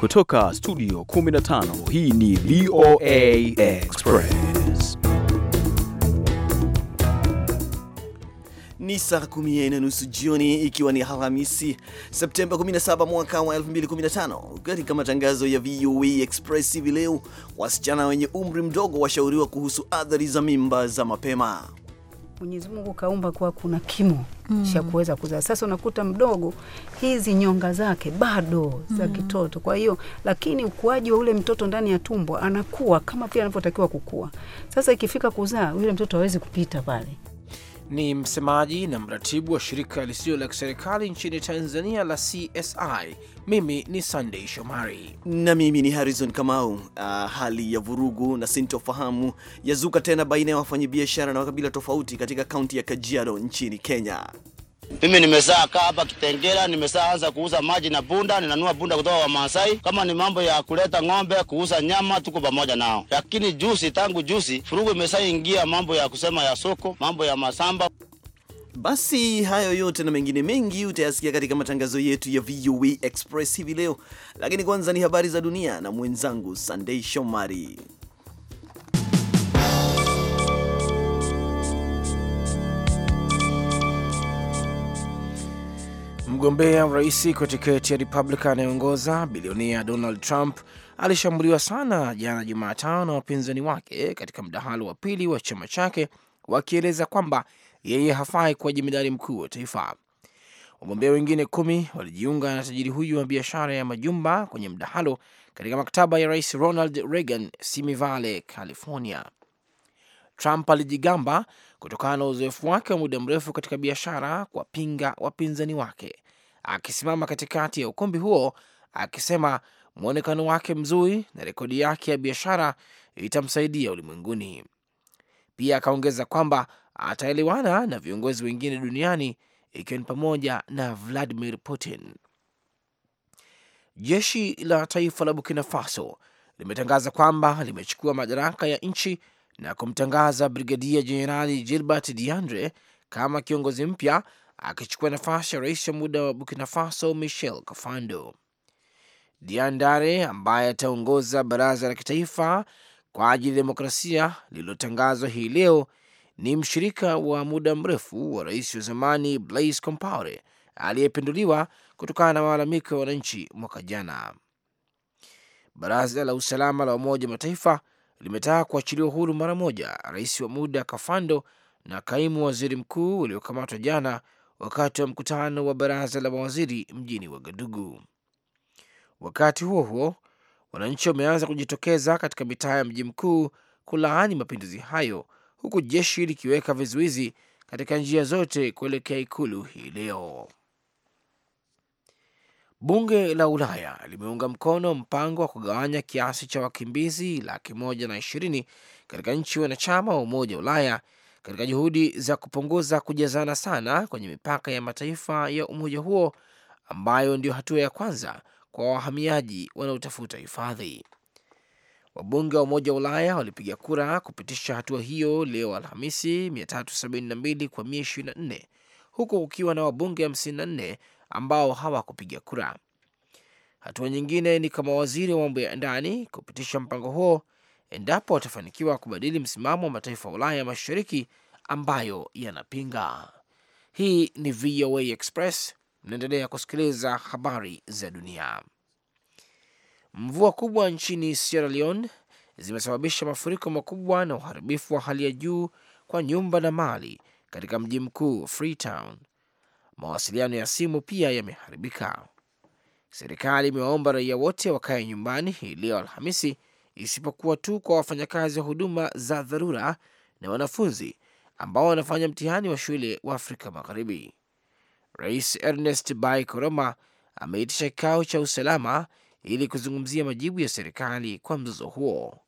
Kutoka studio 15 hii ni VOA Express. Ni saa kumi na nusu jioni ikiwa ni Alhamisi Septemba 17 mwaka wa 2015. Katika matangazo ya VOA Express hivi leo, wasichana wenye umri mdogo washauriwa kuhusu athari za mimba za mapema. Mwenyezi Mungu kaumba kuwa kuna kimo mm. cha kuweza kuzaa. Sasa unakuta mdogo hizi nyonga zake bado mm. za kitoto, kwa hiyo lakini ukuaji wa ule mtoto ndani ya tumbo anakuwa kama vile anavyotakiwa kukua. Sasa ikifika kuzaa, yule mtoto hawezi kupita pale ni msemaji na mratibu wa shirika lisilo la kiserikali nchini Tanzania la CSI. Mimi ni sandey Shomari na mimi ni Harrison Kamau. Uh, hali ya vurugu na sintofahamu yazuka tena baina ya wafanyabiashara na makabila tofauti katika kaunti ya Kajiado nchini Kenya. Mimi nimesaa kaa hapa Kitengela, anza kuuza maji na bunda, ninanua bunda kutoka kwa Maasai. Kama ni mambo ya kuleta ng'ombe, kuuza nyama, tuko pamoja nao. Lakini juzi, tangu juzi, furugu imesaingia mambo ya kusema ya soko, mambo ya masamba. Basi hayo yote na mengine mengi utayasikia katika matangazo yetu ya VOA Express hivi leo, lakini kwanza ni habari za dunia na mwenzangu Sunday Shomari. Mgombea urais kwa tiketi ya Republican anayeongoza bilionia Donald Trump alishambuliwa sana jana Jumatano na wapinzani wake katika mdahalo wa pili wa chama chake, wakieleza kwamba yeye hafai kuwa jemedari mkuu wa taifa. Wagombea wengine kumi walijiunga na tajiri huyu wa biashara ya majumba kwenye mdahalo katika maktaba ya rais Ronald Reagan, Simi Valley, California. Trump alijigamba kutokana na uzoefu wake wa muda mrefu katika biashara kuwapinga wapinzani wake akisimama katikati ya ukumbi huo akisema mwonekano wake mzuri na rekodi yake ya biashara itamsaidia ulimwenguni. Pia akaongeza kwamba ataelewana na viongozi wengine duniani ikiwa ni pamoja na Vladimir Putin. Jeshi la taifa la Burkina Faso limetangaza kwamba limechukua madaraka ya nchi na kumtangaza Brigadia Jenerali Gilbert Diandre kama kiongozi mpya akichukua nafasi ya rais wa muda wa Burkina Faso Michel Kafando. Diandare ambaye ataongoza baraza la kitaifa kwa ajili ya demokrasia lililotangazwa hii leo ni mshirika wa muda mrefu wa rais wa zamani Blaise Compaore aliyepinduliwa kutokana na malalamiko ya wananchi mwaka jana. Baraza la usalama la Umoja Mataifa limetaka kuachiliwa huru mara moja rais wa muda Kafando na kaimu waziri mkuu waliokamatwa jana wakati wa mkutano wa baraza la mawaziri mjini Wagadugu. Wakati huo huo, wananchi wameanza kujitokeza katika mitaa ya mji mkuu kulaani mapinduzi hayo, huku jeshi likiweka vizuizi katika njia zote kuelekea ikulu hii leo. Bunge la Ulaya limeunga mkono mpango wa kugawanya kiasi cha wakimbizi laki moja na ishirini katika nchi wanachama wa Umoja wa Ulaya katika juhudi za kupunguza kujazana sana kwenye mipaka ya mataifa ya umoja huo ambayo ndiyo hatua ya kwanza kwa wahamiaji wanaotafuta hifadhi. Wabunge wa Umoja wa Ulaya walipiga kura kupitisha hatua hiyo leo Alhamisi, 372 kwa 124 huku kukiwa na wabunge 54 ambao hawakupiga kura. Hatua nyingine ni kama waziri wa mambo ya ndani kupitisha mpango huo endapo watafanikiwa kubadili msimamo wa mataifa ya Ulaya Mashariki ambayo yanapinga. Hii ni VOA Express, mnaendelea kusikiliza habari za dunia. Mvua kubwa nchini Sierra Leone zimesababisha mafuriko makubwa na uharibifu wa hali ya juu kwa nyumba na mali katika mji mkuu Freetown. Mawasiliano ya simu pia yameharibika. Serikali imewaomba raia wote wakae nyumbani hii leo Alhamisi isipokuwa tu kwa wafanyakazi wa huduma za dharura na wanafunzi ambao wanafanya mtihani wa shule wa Afrika Magharibi. Rais Ernest Bai Koroma ameitisha kikao cha usalama ili kuzungumzia majibu ya serikali kwa mzozo huo.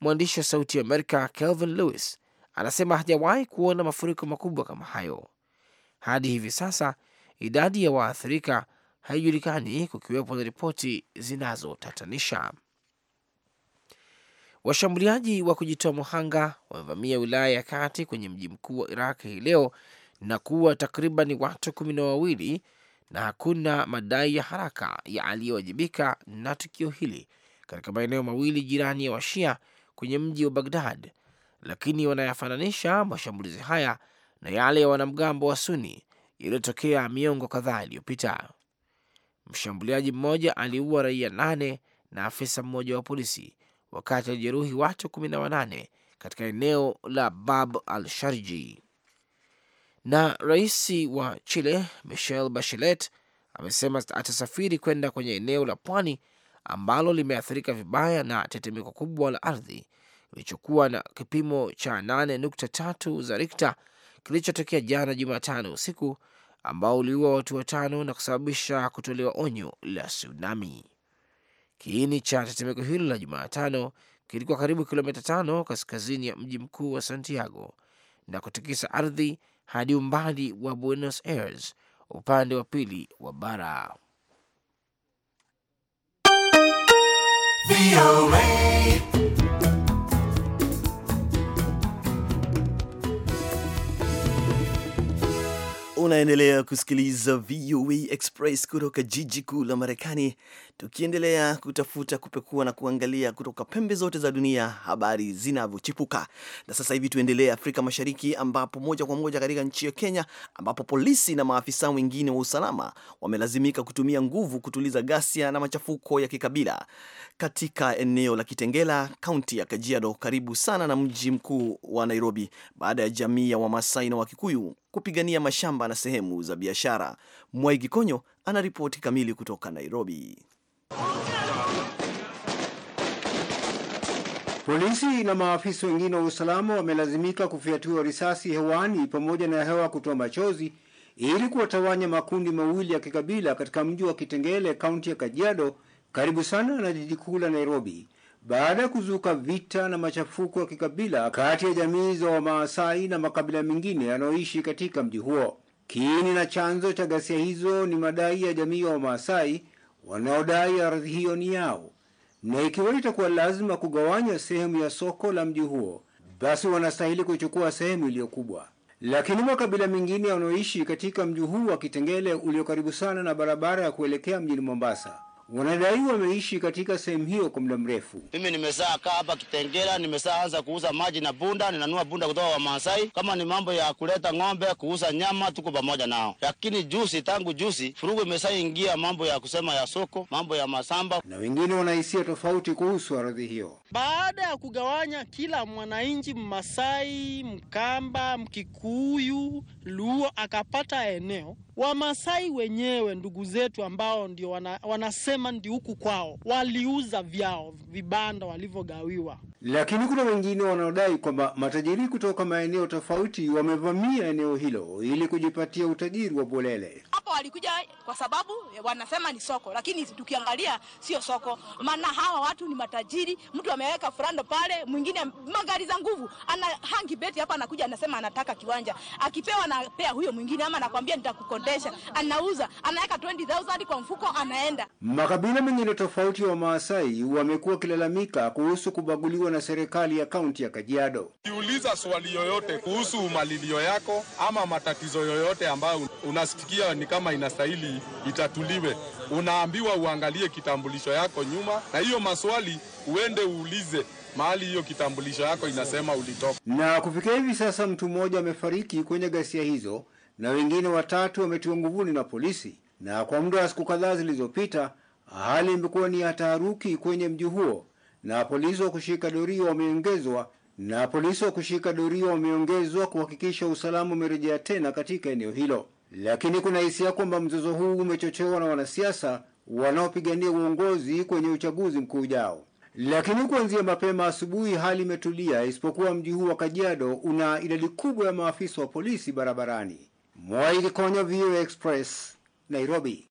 Mwandishi wa Sauti ya Amerika Kelvin Lewis anasema hajawahi kuona mafuriko makubwa kama hayo hadi hivi sasa. Idadi ya waathirika haijulikani, kukiwepo na ripoti zinazotatanisha. Washambuliaji wa kujitoa muhanga wamevamia wilaya ya kati kwenye mji mkuu wa Iraq hii leo na kuwa takriban watu kumi na wawili, na hakuna madai ya haraka ya aliyewajibika na tukio hili katika maeneo mawili jirani ya Washia kwenye mji wa Bagdad, lakini wanayafananisha mashambulizi haya na yale ya wanamgambo wa Suni yaliyotokea miongo kadhaa iliyopita. Mshambuliaji mmoja aliua raia nane na afisa mmoja wa polisi wakati alijeruhi watu kumi na wanane katika eneo la Bab al Sharji. Na rais wa Chile michel Bachelet amesema atasafiri kwenda kwenye eneo la pwani ambalo limeathirika vibaya na tetemeko kubwa la ardhi kilichokuwa na kipimo cha 8.3 za Rikta kilichotokea jana Jumatano usiku ambao uliua watu watano na kusababisha kutolewa onyo la tsunami. Kiini cha tetemeko hilo la Jumatano kilikuwa karibu kilomita tano kaskazini ya mji mkuu wa Santiago na kutikisa ardhi hadi umbali wa Buenos Aires upande wa pili wa bara. VOA Unaendelea kusikiliza VOA Express kutoka jiji kuu la Marekani, tukiendelea kutafuta kupekua na kuangalia kutoka pembe zote za dunia habari zinavyochipuka. Na sasa hivi tuendelee Afrika Mashariki, ambapo moja kwa moja katika nchi ya Kenya, ambapo polisi na maafisa wengine wa usalama wamelazimika kutumia nguvu kutuliza ghasia na machafuko ya kikabila katika eneo la Kitengela, kaunti ya Kajiado, karibu sana na mji mkuu wa Nairobi, baada ya jamii ya Wamasai na Wakikuyu kupigania mashamba na sehemu za biashara. Mwaigi Konyo ana ripoti kamili kutoka Nairobi. Polisi na maafisa wengine wa usalama wamelazimika kufyatua risasi hewani pamoja na hewa kutoa machozi ili kuwatawanya makundi mawili ya kikabila katika mji wa Kitengele, kaunti ya Kajiado, karibu sana na jiji kuu la Nairobi. Baada ya kuzuka vita na machafuko ya kikabila kati ya jamii za Wamaasai na makabila mengine yanayoishi katika mji huo. Kiini na chanzo cha ghasia hizo ni madai ya jamii ya Wamaasai wanaodai ardhi hiyo ni yao, na ikiwa itakuwa lazima kugawanya sehemu ya soko la mji huo, basi wanastahili kuchukua sehemu iliyo kubwa. Lakini makabila mengine yanayoishi katika mji huu wa Kitengele ulio karibu sana na barabara ya kuelekea mjini Mombasa wanadaiwa wameishi katika sehemu hiyo kwa muda mrefu. Mimi nimesaa kaa hapa Kitengela, nimesaa anza kuuza maji na bunda, ninanua bunda kutoka wamasai Maasai. Kama ni mambo ya kuleta ng'ombe, kuuza nyama, tuko pamoja nao, lakini juzi, tangu juzi furugu imesaingia mambo ya kusema ya soko, mambo ya masamba. Na wengine wanahisia tofauti kuhusu ardhi hiyo, baada ya kugawanya kila mwananchi Mmasai, Mkamba, Mkikuyu, Luo akapata eneo. Wamasai wenyewe ndugu zetu ambao ndio wana, wanase wanasema ndi huku kwao, waliuza vyao vibanda walivyogawiwa. Lakini kuna wengine wanaodai kwamba matajiri kutoka maeneo tofauti wamevamia eneo hilo ili kujipatia utajiri wa bolele. Hapo walikuja kwa sababu wanasema ni soko, lakini tukiangalia sio soko, maana hawa watu ni matajiri. Mtu ameweka frando pale, mwingine magari za nguvu, ana hangi beti hapa, anakuja anasema anataka kiwanja, akipewa anapea huyo mwingine, ama anakwambia nitakukondesha, anauza, anaweka 20000 kwa mfuko, anaenda Ma Makabila mengine tofauti wa Maasai wamekuwa wakilalamika kuhusu kubaguliwa na serikali ya kaunti ya Kajiado. Ukiuliza swali yoyote kuhusu malilio yako ama matatizo yoyote ambayo unasikia ni kama inastahili itatuliwe, unaambiwa uangalie kitambulisho yako nyuma, na hiyo maswali uende uulize mahali hiyo kitambulisho yako inasema ulitoka. Na kufikia hivi sasa mtu mmoja amefariki kwenye ghasia hizo na wengine watatu wametiwa nguvuni na polisi, na kwa muda wa siku kadhaa zilizopita Hali imekuwa ni ya taharuki kwenye mji huo na polisi wa kushika doria wameongezwa na polisi wa kushika doria wameongezwa kuhakikisha usalama umerejea tena katika eneo hilo. Lakini kuna hisia kwamba mzozo huu umechochewa na wanasiasa wanaopigania uongozi kwenye uchaguzi mkuu ujao. Lakini kuanzia mapema asubuhi hali imetulia, isipokuwa mji huu wa Kajiado una idadi kubwa ya maafisa wa polisi barabarani. Mwai VOA Express, Nairobi.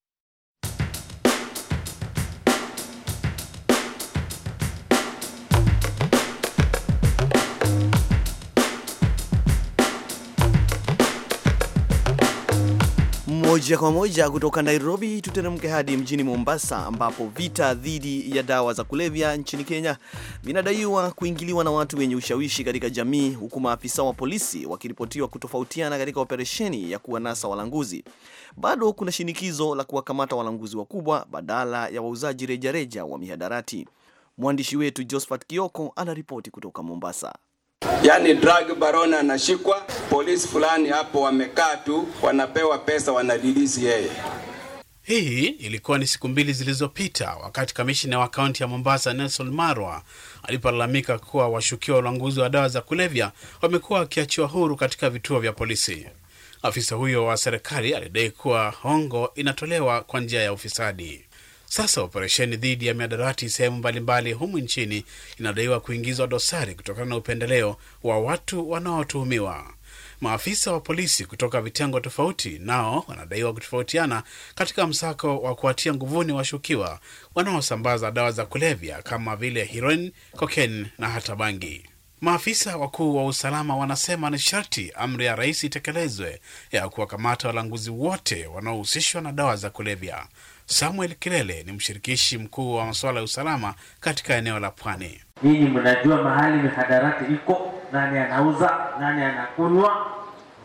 Moja kwa moja kutoka Nairobi tuteremke hadi mjini Mombasa, ambapo vita dhidi ya dawa za kulevya nchini Kenya vinadaiwa kuingiliwa na watu wenye ushawishi katika jamii, huku maafisa wa polisi wakiripotiwa kutofautiana katika operesheni ya kuwanasa walanguzi. Bado kuna shinikizo la kuwakamata walanguzi wakubwa badala ya wauzaji rejareja wa mihadarati. Mwandishi wetu Josephat Kioko anaripoti kutoka Mombasa. Yaani drug barona anashikwa, polisi fulani hapo wamekaa tu, wanapewa pesa, wanadilizi yeye. Hii ilikuwa ni siku mbili zilizopita wakati kamishina wa kaunti ya Mombasa Nelson Marwa alipolalamika kuwa washukiwa wa ulanguzi wa dawa za kulevya wamekuwa wakiachiwa huru katika vituo vya polisi. Afisa huyo wa serikali alidai kuwa hongo inatolewa kwa njia ya ufisadi. Sasa operesheni dhidi ya miadarati sehemu mbalimbali humu nchini inadaiwa kuingizwa dosari kutokana na upendeleo wa watu wanaotuhumiwa. Maafisa wa polisi kutoka vitengo tofauti nao wanadaiwa kutofautiana katika msako wa kuwatia nguvuni washukiwa wanaosambaza dawa za kulevya kama vile heroin, kokaini na hata bangi. Maafisa wakuu wa usalama wanasema ni sharti amri ya rais itekelezwe ya kuwakamata walanguzi wote wanaohusishwa na dawa za kulevya. Samuel Kilele ni mshirikishi mkuu wa masuala ya usalama katika eneo la Pwani. Ninyi mnajua mahali mihadarati iko, nani anauza, nani anakunywa,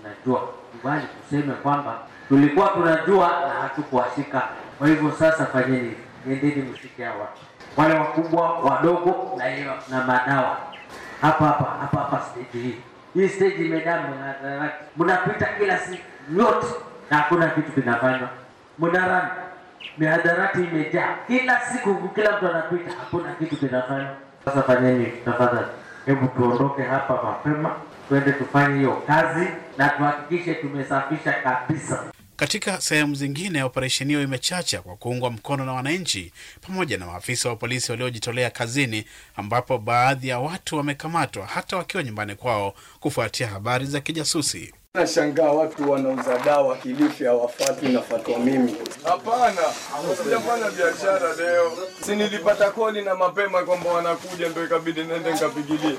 mnajua. kubali kuseme kwamba tulikuwa tunajua na hatukuwashika. Kwa hivyo sasa, fanyeni, nendeni mshike hawa wale wakubwa, wadogo na, na madawa hapa hapa hapa hapa stage hii hii stage imejaa mnadarati, mnapita kila siku yote na hakuna kitu kinafanywa, mnarani mihadarati imejaa kila siku, kila mtu anapita, hakuna kitu kinafanya. Sasa fanyeni tafadhali, hebu tuondoke hapa mapema, tuende tufanye hiyo kazi na tuhakikishe tumesafisha kabisa. Katika sehemu zingine operesheni hiyo imechacha kwa kuungwa mkono na wananchi pamoja na maafisa wa polisi waliojitolea kazini, ambapo baadhi ya watu wamekamatwa hata wakiwa nyumbani kwao kufuatia habari za kijasusi. Nashangaa watu wanauza dawa Kilifi hawafuatwi, nafuatwa mimi. Hapana, sijafanya biashara leo, si nilipata koli na mapema kwamba wanakuja, ndio ikabidi nende nikapigilie.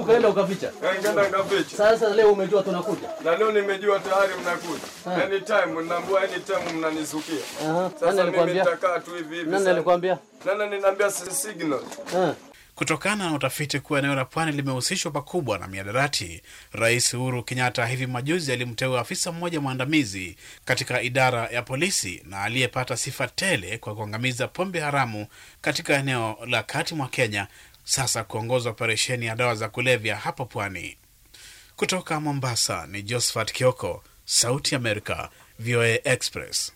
Ukaenda ukaficha? Eh, nikaenda nikaficha. Sasa leo umejua tunakuja, na leo nimejua tayari mnakuja ah. anytime, mnaambua anytime, mnanizukia. Sasa mimi nitakaa tu hivi hivi. Nani alikwambia? Nani ninaambia signal ah kutokana na utafiti kuwa eneo la pwani limehusishwa pakubwa na miadarati. Rais Uhuru Kenyatta hivi majuzi alimteua afisa mmoja mwandamizi katika idara ya polisi na aliyepata sifa tele kwa kuangamiza pombe haramu katika eneo la kati mwa Kenya, sasa kuongoza operesheni ya dawa za kulevya hapo pwani. Kutoka Mombasa ni Josephat Kioko, Sauti Amerika, VOA Express.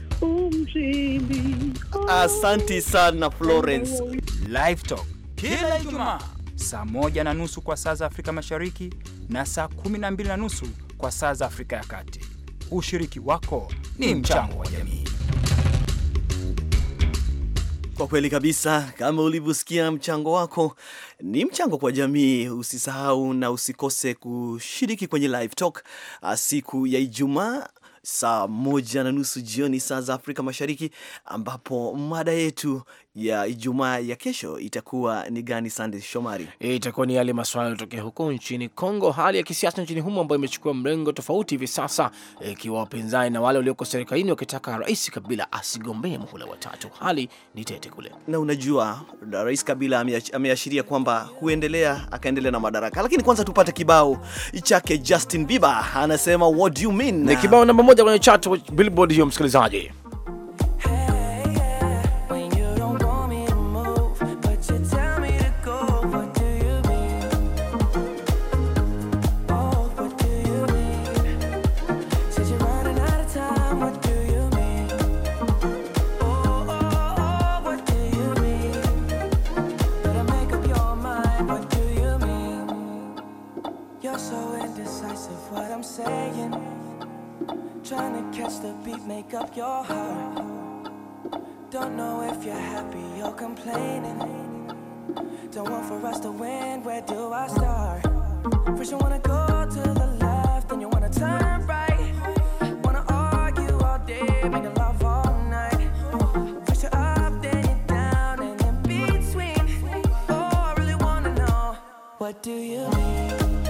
Asanti sana Florence. Live Talk kila Ijumaa saa moja na nusu kwa saa za Afrika Mashariki na saa kumi na mbili na nusu kwa saa za Afrika ya Kati. Ushiriki wako ni mchango wa jamii. Kwa kweli kabisa, kama ulivyosikia, mchango wako ni mchango kwa jamii. Usisahau na usikose kushiriki kwenye live talk ah, siku ya Ijumaa saa moja na nusu jioni saa za Afrika Mashariki, ambapo mada yetu ya Ijumaa ya kesho itakuwa ni gani, Sande Shomari? E, itakuwa ni yale maswala yanayotokea huko nchini Kongo, hali ya kisiasa nchini humo ambayo imechukua mrengo tofauti hivi sasa, e, ikiwa e, wapinzani na wale walioko serikalini wakitaka Rais Kabila asigombee muhula watatu. Hali ni tete kule, na unajua Rais Kabila ameashiria kwamba huendelea akaendelea na madaraka, lakini kwanza tupate kibao chake Justin Bieber anasema what do you mean, ni kibao namba moja kwenye chat Billboard hiyo, msikilizaji pick up your heart. Don't know if you're happy or complaining. Don't want for us to win, where do I start? First, you wanna go to the left, then you wanna turn right. Wanna argue all day, making love all night. First, you're up, then you're down, and in between. Oh, I really wanna know, what do you mean?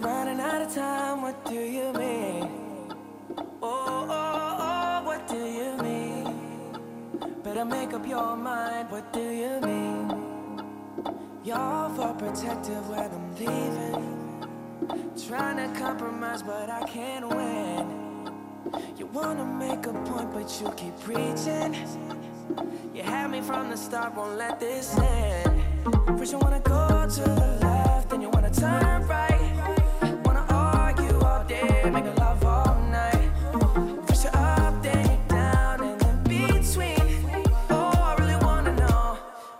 you're running out of time, what do you mean? Oh, oh, oh, what do you mean? Better make up your mind, what do you mean? Y'all for protective when I'm leaving. Trying to compromise, but I can't win. You wanna make a point, but you keep preaching. You had me from the start, won't let this end. First, you wanna go to the left, then you wanna turn right.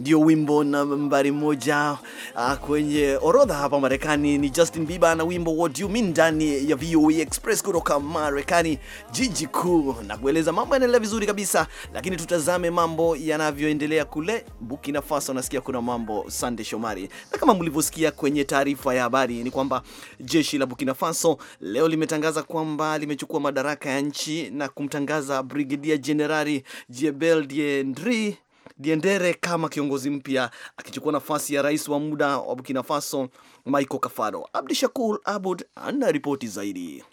ndio wimbo nambari moja uh, kwenye orodha hapa Marekani ni Justin Bieber na wimbo What You Mean ndani ya VOA e Express kutoka Marekani jiji kuu, na kueleza mambo yanaendelea vizuri kabisa, lakini tutazame mambo yanavyoendelea kule Burkina Faso. Nasikia kuna mambo Sande Shomari, na kama mlivyosikia kwenye taarifa ya habari ni kwamba jeshi la Burkina Faso leo limetangaza kwamba limechukua madaraka ya nchi na kumtangaza Brigedia Jenerali Jebel Diendri Diendere kama kiongozi mpya akichukua nafasi ya rais wa muda wa Burkina Faso Michael Kafando. Abdi Shakur Abud ana ripoti zaidi.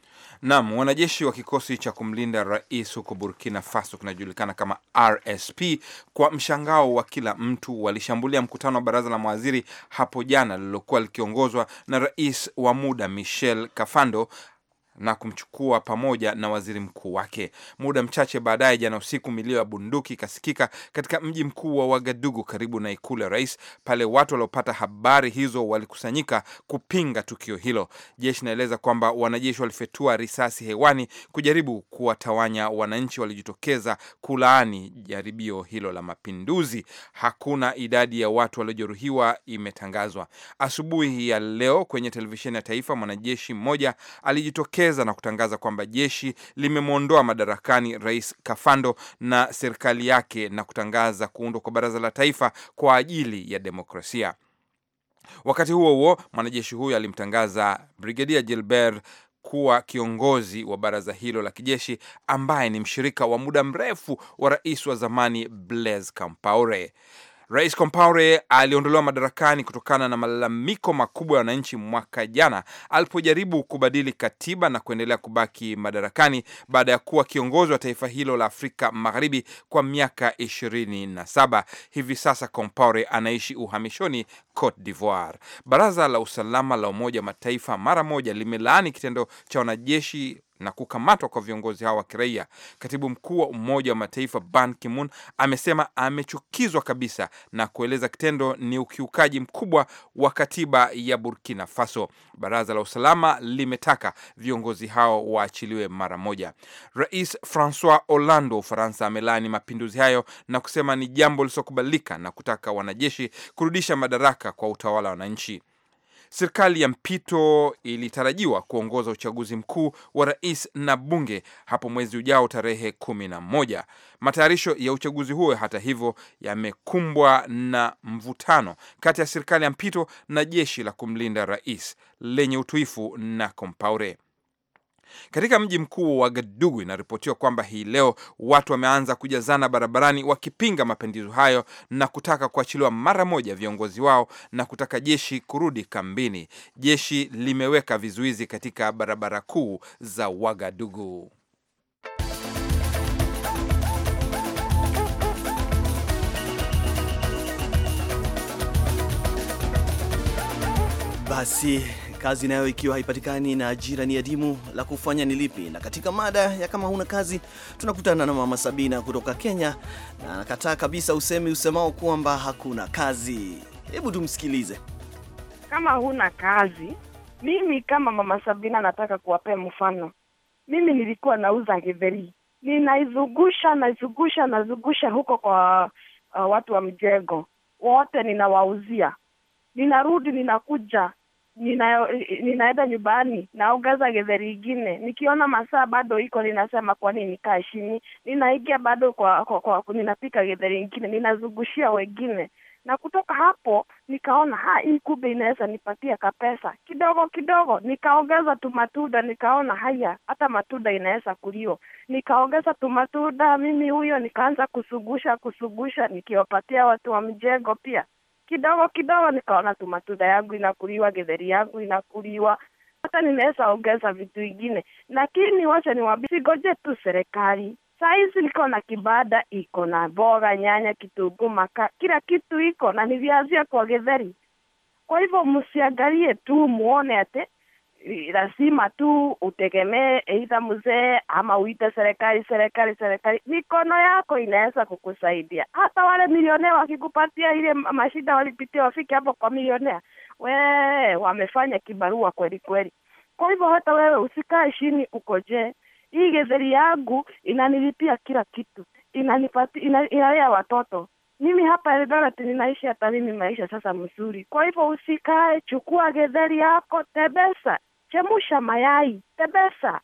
Naam, wanajeshi wa kikosi cha kumlinda rais huko Burkina Faso kinajulikana kama RSP, kwa mshangao wa kila mtu, walishambulia mkutano wa baraza la mawaziri hapo jana lililokuwa likiongozwa na rais wa muda Michel Kafando na kumchukua pamoja na waziri mkuu wake. Muda mchache baadaye, jana usiku, milio ya bunduki ikasikika katika mji mkuu wa Wagadugu karibu na ikulu ya rais. Pale watu waliopata habari hizo walikusanyika kupinga tukio hilo. Jeshi inaeleza kwamba wanajeshi walifyatua risasi hewani kujaribu kuwatawanya wananchi waliojitokeza kulaani jaribio hilo la mapinduzi. Hakuna idadi ya watu waliojeruhiwa imetangazwa. Asubuhi ya leo kwenye televisheni ya taifa, mwanajeshi mmoja alijitokeza kupongeza na kutangaza kwamba jeshi limemwondoa madarakani Rais Kafando na serikali yake na kutangaza kuundwa kwa baraza la taifa kwa ajili ya demokrasia. Wakati huo huo, mwanajeshi huyo alimtangaza Brigedia Gilbert kuwa kiongozi wa baraza hilo la kijeshi ambaye ni mshirika wa muda mrefu wa rais wa zamani Blaise Compaore. Rais Compaore aliondolewa madarakani kutokana na malalamiko makubwa ya wananchi mwaka jana alipojaribu kubadili katiba na kuendelea kubaki madarakani baada ya kuwa kiongozi wa taifa hilo la Afrika Magharibi kwa miaka ishirini na saba. Hivi sasa Compaore anaishi uhamishoni Cote d'Ivoire. Baraza la Usalama la Umoja wa Mataifa mara moja limelaani kitendo cha wanajeshi na kukamatwa kwa viongozi hao wa kiraia. Katibu mkuu wa Umoja wa Mataifa Ban Ki-moon amesema amechukizwa kabisa na kueleza kitendo ni ukiukaji mkubwa wa katiba ya Burkina Faso. Baraza la Usalama limetaka viongozi hao waachiliwe mara moja. Rais Francois Hollande wa Ufaransa amelaani mapinduzi hayo na kusema ni jambo lisilokubalika na kutaka wanajeshi kurudisha madaraka kwa utawala wa wananchi. Serikali ya mpito ilitarajiwa kuongoza uchaguzi mkuu wa rais na bunge hapo mwezi ujao tarehe kumi na moja. Matayarisho ya uchaguzi huo, hata hivyo, yamekumbwa na mvutano kati ya serikali ya mpito na jeshi la kumlinda rais lenye utuifu na Compaore. Katika mji mkuu wa Gadugu, inaripotiwa kwamba hii leo watu wameanza kujazana barabarani wakipinga mapendizo hayo na kutaka kuachiliwa mara moja viongozi wao na kutaka jeshi kurudi kambini. Jeshi limeweka vizuizi katika barabara kuu za Wagadugu. Basi kazi nayo ikiwa haipatikani na ajira ni adimu, la kufanya ni lipi? Na katika mada ya kama huna kazi, tunakutana na mama Sabina kutoka Kenya, na anakataa kabisa usemi usemao kwamba hakuna kazi. Hebu tumsikilize. Kama huna kazi, mimi kama mama Sabina nataka kuwapea mfano. Mimi nilikuwa nauza githeri, ninaizungusha naizungusha nazungusha huko kwa uh, watu wa mjengo wote ninawauzia, ninarudi ninakuja ninaenda nyumbani naongeza getheri ingine, nikiona masaa bado iko ninasema kwa nini kaa chini, ninaingia bado kwa, kwa, kwa ninapika getheri ingine, ninazungushia wengine na kutoka hapo nikaona ha, hii kumbe inaweza nipatia kapesa kidogo kidogo. Nikaongeza tu matunda, nikaona haya, hata matunda inaweza kulio Nikaongeza tu matunda mimi huyo, nikaanza kusugusha kusugusha, nikiwapatia watu wa mjengo pia kidogo kidogo, nikaona tu matunda yangu inakuliwa, gedheri yangu inakuliwa, hata ninaweza ongeza vitu ingine, lakini wacha niwaambie, sigoje tu serikali. Saizi niko na kibada iko na mboga, nyanya, kitunguu, maka, kila kitu iko na, nilianzia kwa gedheri Kwa hivyo msiangalie tu muone ate lazima tu utegemee eidha mzee ama uite serikali serikali serikali. Mikono yako inaweza kukusaidia. Hata wale milionea wakikupatia ile mashida walipitia, wafike hapo kwa milionea, we wamefanya kibarua kweli kweli. Kwa hivyo hata wewe usikae chini ukojee. Hii getheri yangu inanilipia kila kitu, inanipatia ina, inalea watoto mimi hapa Eldoret ninaishi hata mimi maisha sasa mzuri. Kwa hivyo usikae, chukua gedheri yako, tebesa, chemusha mayai, tebesa,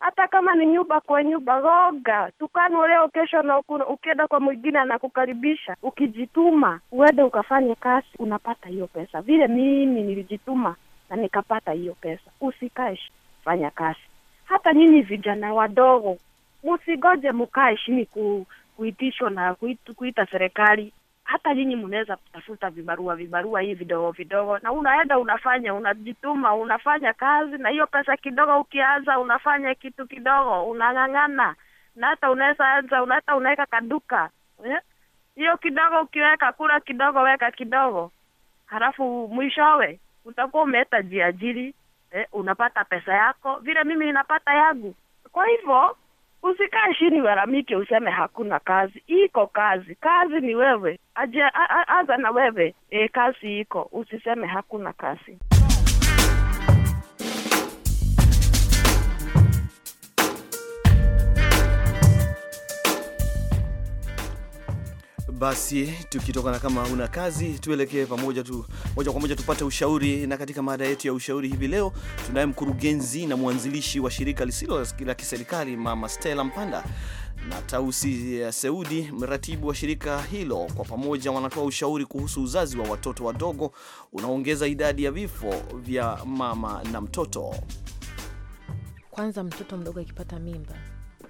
hata kama ni nyumba kwa nyumba, roga tukano leo, kesho na ukienda kwa mwingine anakukaribisha. Ukijituma uende ukafanye kazi, unapata hiyo pesa. Vile mimi nilijituma na nikapata hiyo pesa. Usikae, fanya kazi. Hata nyinyi vijana wadogo, msigoje mkae chini ku kuitishwa na kuita serikali hata nyinyi mnaweza kutafuta vibarua vibarua hii vidogo vidogo, na unaenda unafanya, unajituma, unafanya kazi, na hiyo pesa kidogo, ukianza unafanya kitu kidogo, unang'ang'ana, na hata unaweza anza, hata unaweka kaduka eh? hiyo yeah? kidogo ukiweka, kula kidogo, weka kidogo, halafu mwishowe utakuwa umeeta jiajiri eh, unapata pesa yako vile mimi ninapata yangu, kwa hivyo Usikae chini waramike useme hakuna kazi. Iko kazi, kazi ni wewe, aje anza na wewe. E, kazi iko, usiseme hakuna kazi. Basi tukitokana kama una kazi, tuelekee pamoja tu moja kwa moja tupate ushauri. Na katika mada yetu ya ushauri hivi leo tunaye mkurugenzi na mwanzilishi wa shirika lisilo la kiserikali Mama Stella Mpanda na Tausi ya eh, Seudi, mratibu wa shirika hilo. Kwa pamoja wanatoa ushauri kuhusu uzazi wa watoto wadogo unaongeza idadi ya vifo vya mama na mtoto. Kwanza mtoto mdogo akipata mimba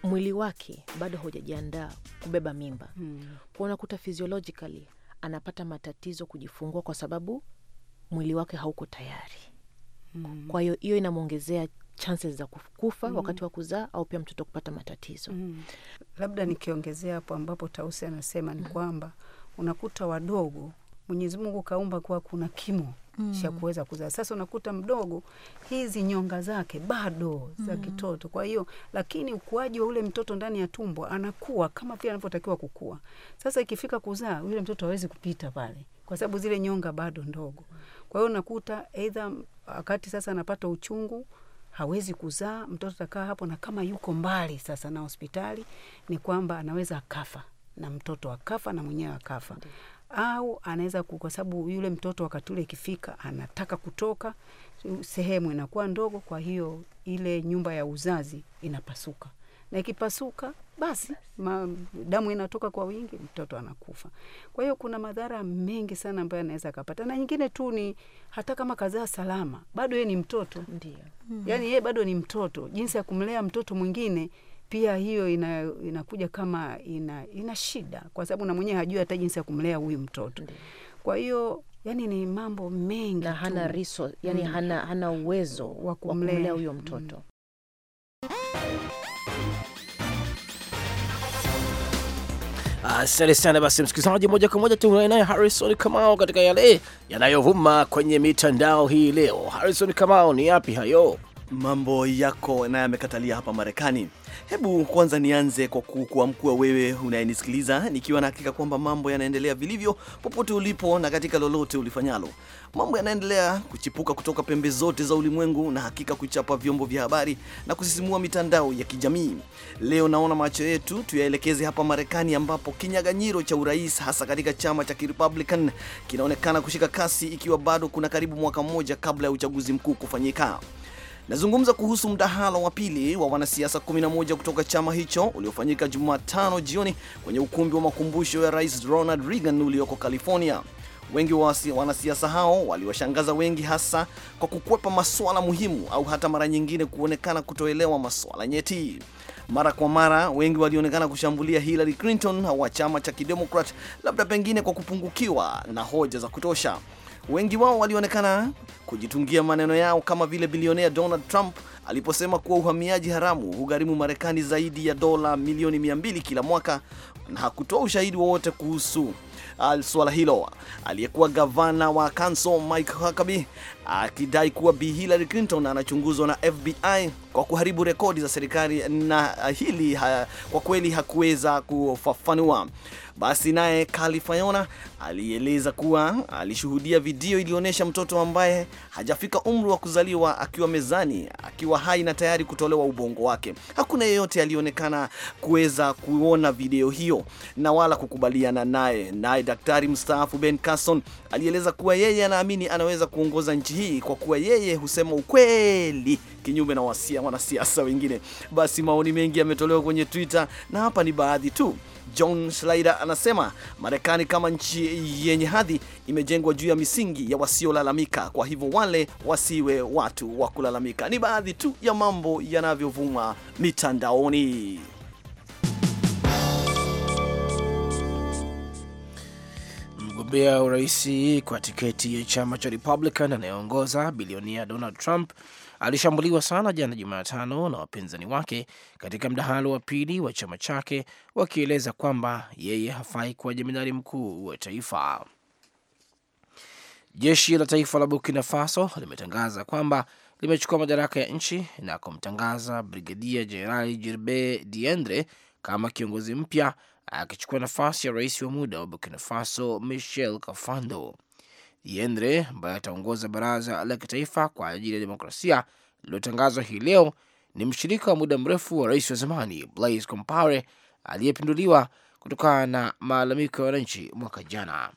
mwili wake bado haujajiandaa kubeba mimba hmm. kwa unakuta physiologically anapata matatizo kujifungua kwa sababu mwili wake hauko tayari hmm. kwa hiyo hiyo inamwongezea chances za kufa mm. wakati wa kuzaa au pia mtoto kupata matatizo mm. labda nikiongezea hapo ambapo Tausi anasema ni hmm. kwamba unakuta wadogo Mwenyezi Mungu kaumba kuwa kuna kimo mm. kuweza kuzaa. Sasa unakuta mdogo hizi nyonga zake bado za mm. kitoto, kwa hiyo lakini ukuaji wa ule mtoto ndani ya tumbo anakuwa kama vile anavyotakiwa kukua. Sasa ikifika kuzaa, yule mtoto hawezi kupita pale kwa sababu zile nyonga bado ndogo. Kwa hiyo unakuta aidha wakati sasa anapata uchungu hawezi kuzaa, mtoto atakaa hapo, na kama yuko mbali sasa na hospitali, ni kwamba anaweza akafa na mtoto akafa na mwenyewe akafa au anaweza kwa sababu yule mtoto wakati ule ikifika anataka kutoka, sehemu inakuwa ndogo, kwa hiyo ile nyumba ya uzazi inapasuka, na ikipasuka basi ma, damu inatoka kwa wingi, mtoto anakufa. Kwa hiyo kuna madhara mengi sana ambayo anaweza akapata, na nyingine tu ni hata kama kazaa salama, bado yee ni mtoto. Ndio. Mm. Yani yeye bado ni mtoto, jinsi ya kumlea mtoto mwingine pia hiyo ina, inakuja kama ina, ina shida kwa sababu na mwenyewe hajui hata jinsi ya kumlea huyu mtoto. Kwa hiyo yani ni mambo mengi na hana riso, yani mm. hana, hana uwezo wa kumlea huyo mtoto mm. Asante sana basi, msikilizaji, moja kwa moja tuungane naye Harrison Kamau katika yale yanayovuma kwenye mitandao hii leo. Harrison Kamau, ni yapi hayo? mambo yako naye amekatalia hapa Marekani. Hebu kwanza nianze kwa kukuamkua wewe unayenisikiliza, nikiwa na hakika kwamba mambo yanaendelea vilivyo popote ulipo na katika lolote ulifanyalo. Mambo yanaendelea kuchipuka kutoka pembe zote za ulimwengu na hakika kuchapa vyombo vya habari na kusisimua mitandao ya kijamii. Leo naona macho yetu tuyaelekeze hapa Marekani, ambapo kinyaganyiro cha urais hasa katika chama cha Republican kinaonekana kushika kasi, ikiwa bado kuna karibu mwaka mmoja kabla ya uchaguzi mkuu kufanyika. Nazungumza kuhusu mdahalo wa pili wa wanasiasa 11 kutoka chama hicho uliofanyika Jumatano jioni kwenye ukumbi wa makumbusho ya Rais Ronald Reagan ulioko California. Wengi wa wanasiasa hao waliwashangaza wengi, hasa kwa kukwepa masuala muhimu au hata mara nyingine kuonekana kutoelewa masuala nyeti. Mara kwa mara wengi walionekana kushambulia Hillary Clinton wa chama cha Kidemokrat, labda pengine kwa kupungukiwa na hoja za kutosha. Wengi wao walionekana kujitungia maneno yao kama vile bilionea Donald Trump aliposema kuwa uhamiaji haramu hugharimu Marekani zaidi ya dola milioni 200 kila mwaka na hakutoa ushahidi wowote kuhusu ah, swala hilo. Aliyekuwa gavana wa kanso Mike Huckabee akidai kuwa Bi Hillary Clinton anachunguzwa na FBI kwa kuharibu rekodi za serikali, na hili ha, kwa kweli hakuweza kufafanua. Basi naye Kali Fayona alieleza kuwa alishuhudia video iliyoonyesha mtoto ambaye hajafika umri wa kuzaliwa akiwa mezani akiwa hai na tayari kutolewa ubongo wake. Hakuna yeyote alionekana kuweza kuona video hiyo na wala kukubaliana naye. Naye daktari mstaafu Ben Carson alieleza kuwa yeye anaamini anaweza kuongoza nchi hii kwa kuwa yeye husema ukweli kinyume na wasia wanasiasa wengine. Basi maoni mengi yametolewa kwenye Twitter na hapa ni baadhi tu. John Slider anasema Marekani kama nchi yenye hadhi imejengwa juu ya misingi ya wasiolalamika, kwa hivyo wale wasiwe watu wa kulalamika. Ni baadhi tu ya mambo yanavyovuma mitandaoni. mgombea urais kwa tiketi ya chama cha Republican anayeongoza bilionia Donald Trump alishambuliwa sana jana Jumatano na wapinzani wake katika mdahalo wa pili wa chama chake, wakieleza kwamba yeye hafai kuwa jemadari mkuu wa taifa. Jeshi la taifa la Burkina Faso limetangaza kwamba limechukua madaraka ya nchi na kumtangaza brigedia Jenerali Jirbe Diendre kama kiongozi mpya akichukua nafasi ya rais wa muda wa Burkina Faso Michel Kafando. Diendere ambaye ataongoza baraza la kitaifa kwa ajili ya demokrasia lililotangazwa hii leo ni mshirika wa muda mrefu wa rais wa zamani Blaise Compaore aliyepinduliwa kutokana na malalamiko ya wananchi mwaka jana.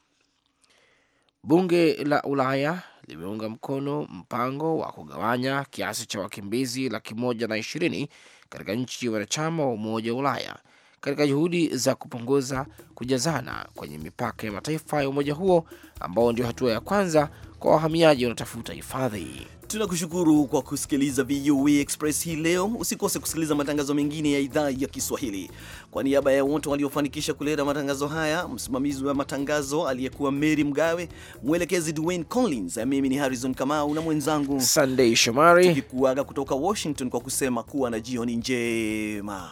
Bunge la Ulaya limeunga mkono mpango wa kugawanya kiasi cha wakimbizi laki moja na ishirini katika nchi wanachama wa Umoja wa Ulaya katika juhudi za kupunguza kujazana kwenye mipaka ya mataifa ya umoja huo ambao ndio hatua ya kwanza kwa wahamiaji wanaotafuta hifadhi. Tunakushukuru kwa kusikiliza VOA e Express hii leo. Usikose kusikiliza matangazo mengine ya idhaa ya Kiswahili. Kwa niaba ya wote waliofanikisha kuleta matangazo haya, msimamizi wa matangazo aliyekuwa Mary Mgawe, mwelekezi Dwayne Collins, mimi ni Harrison Kamau na mwenzangu Sunday Shomari, tukikuaga kutoka Washington kwa kusema kuwa na jioni njema.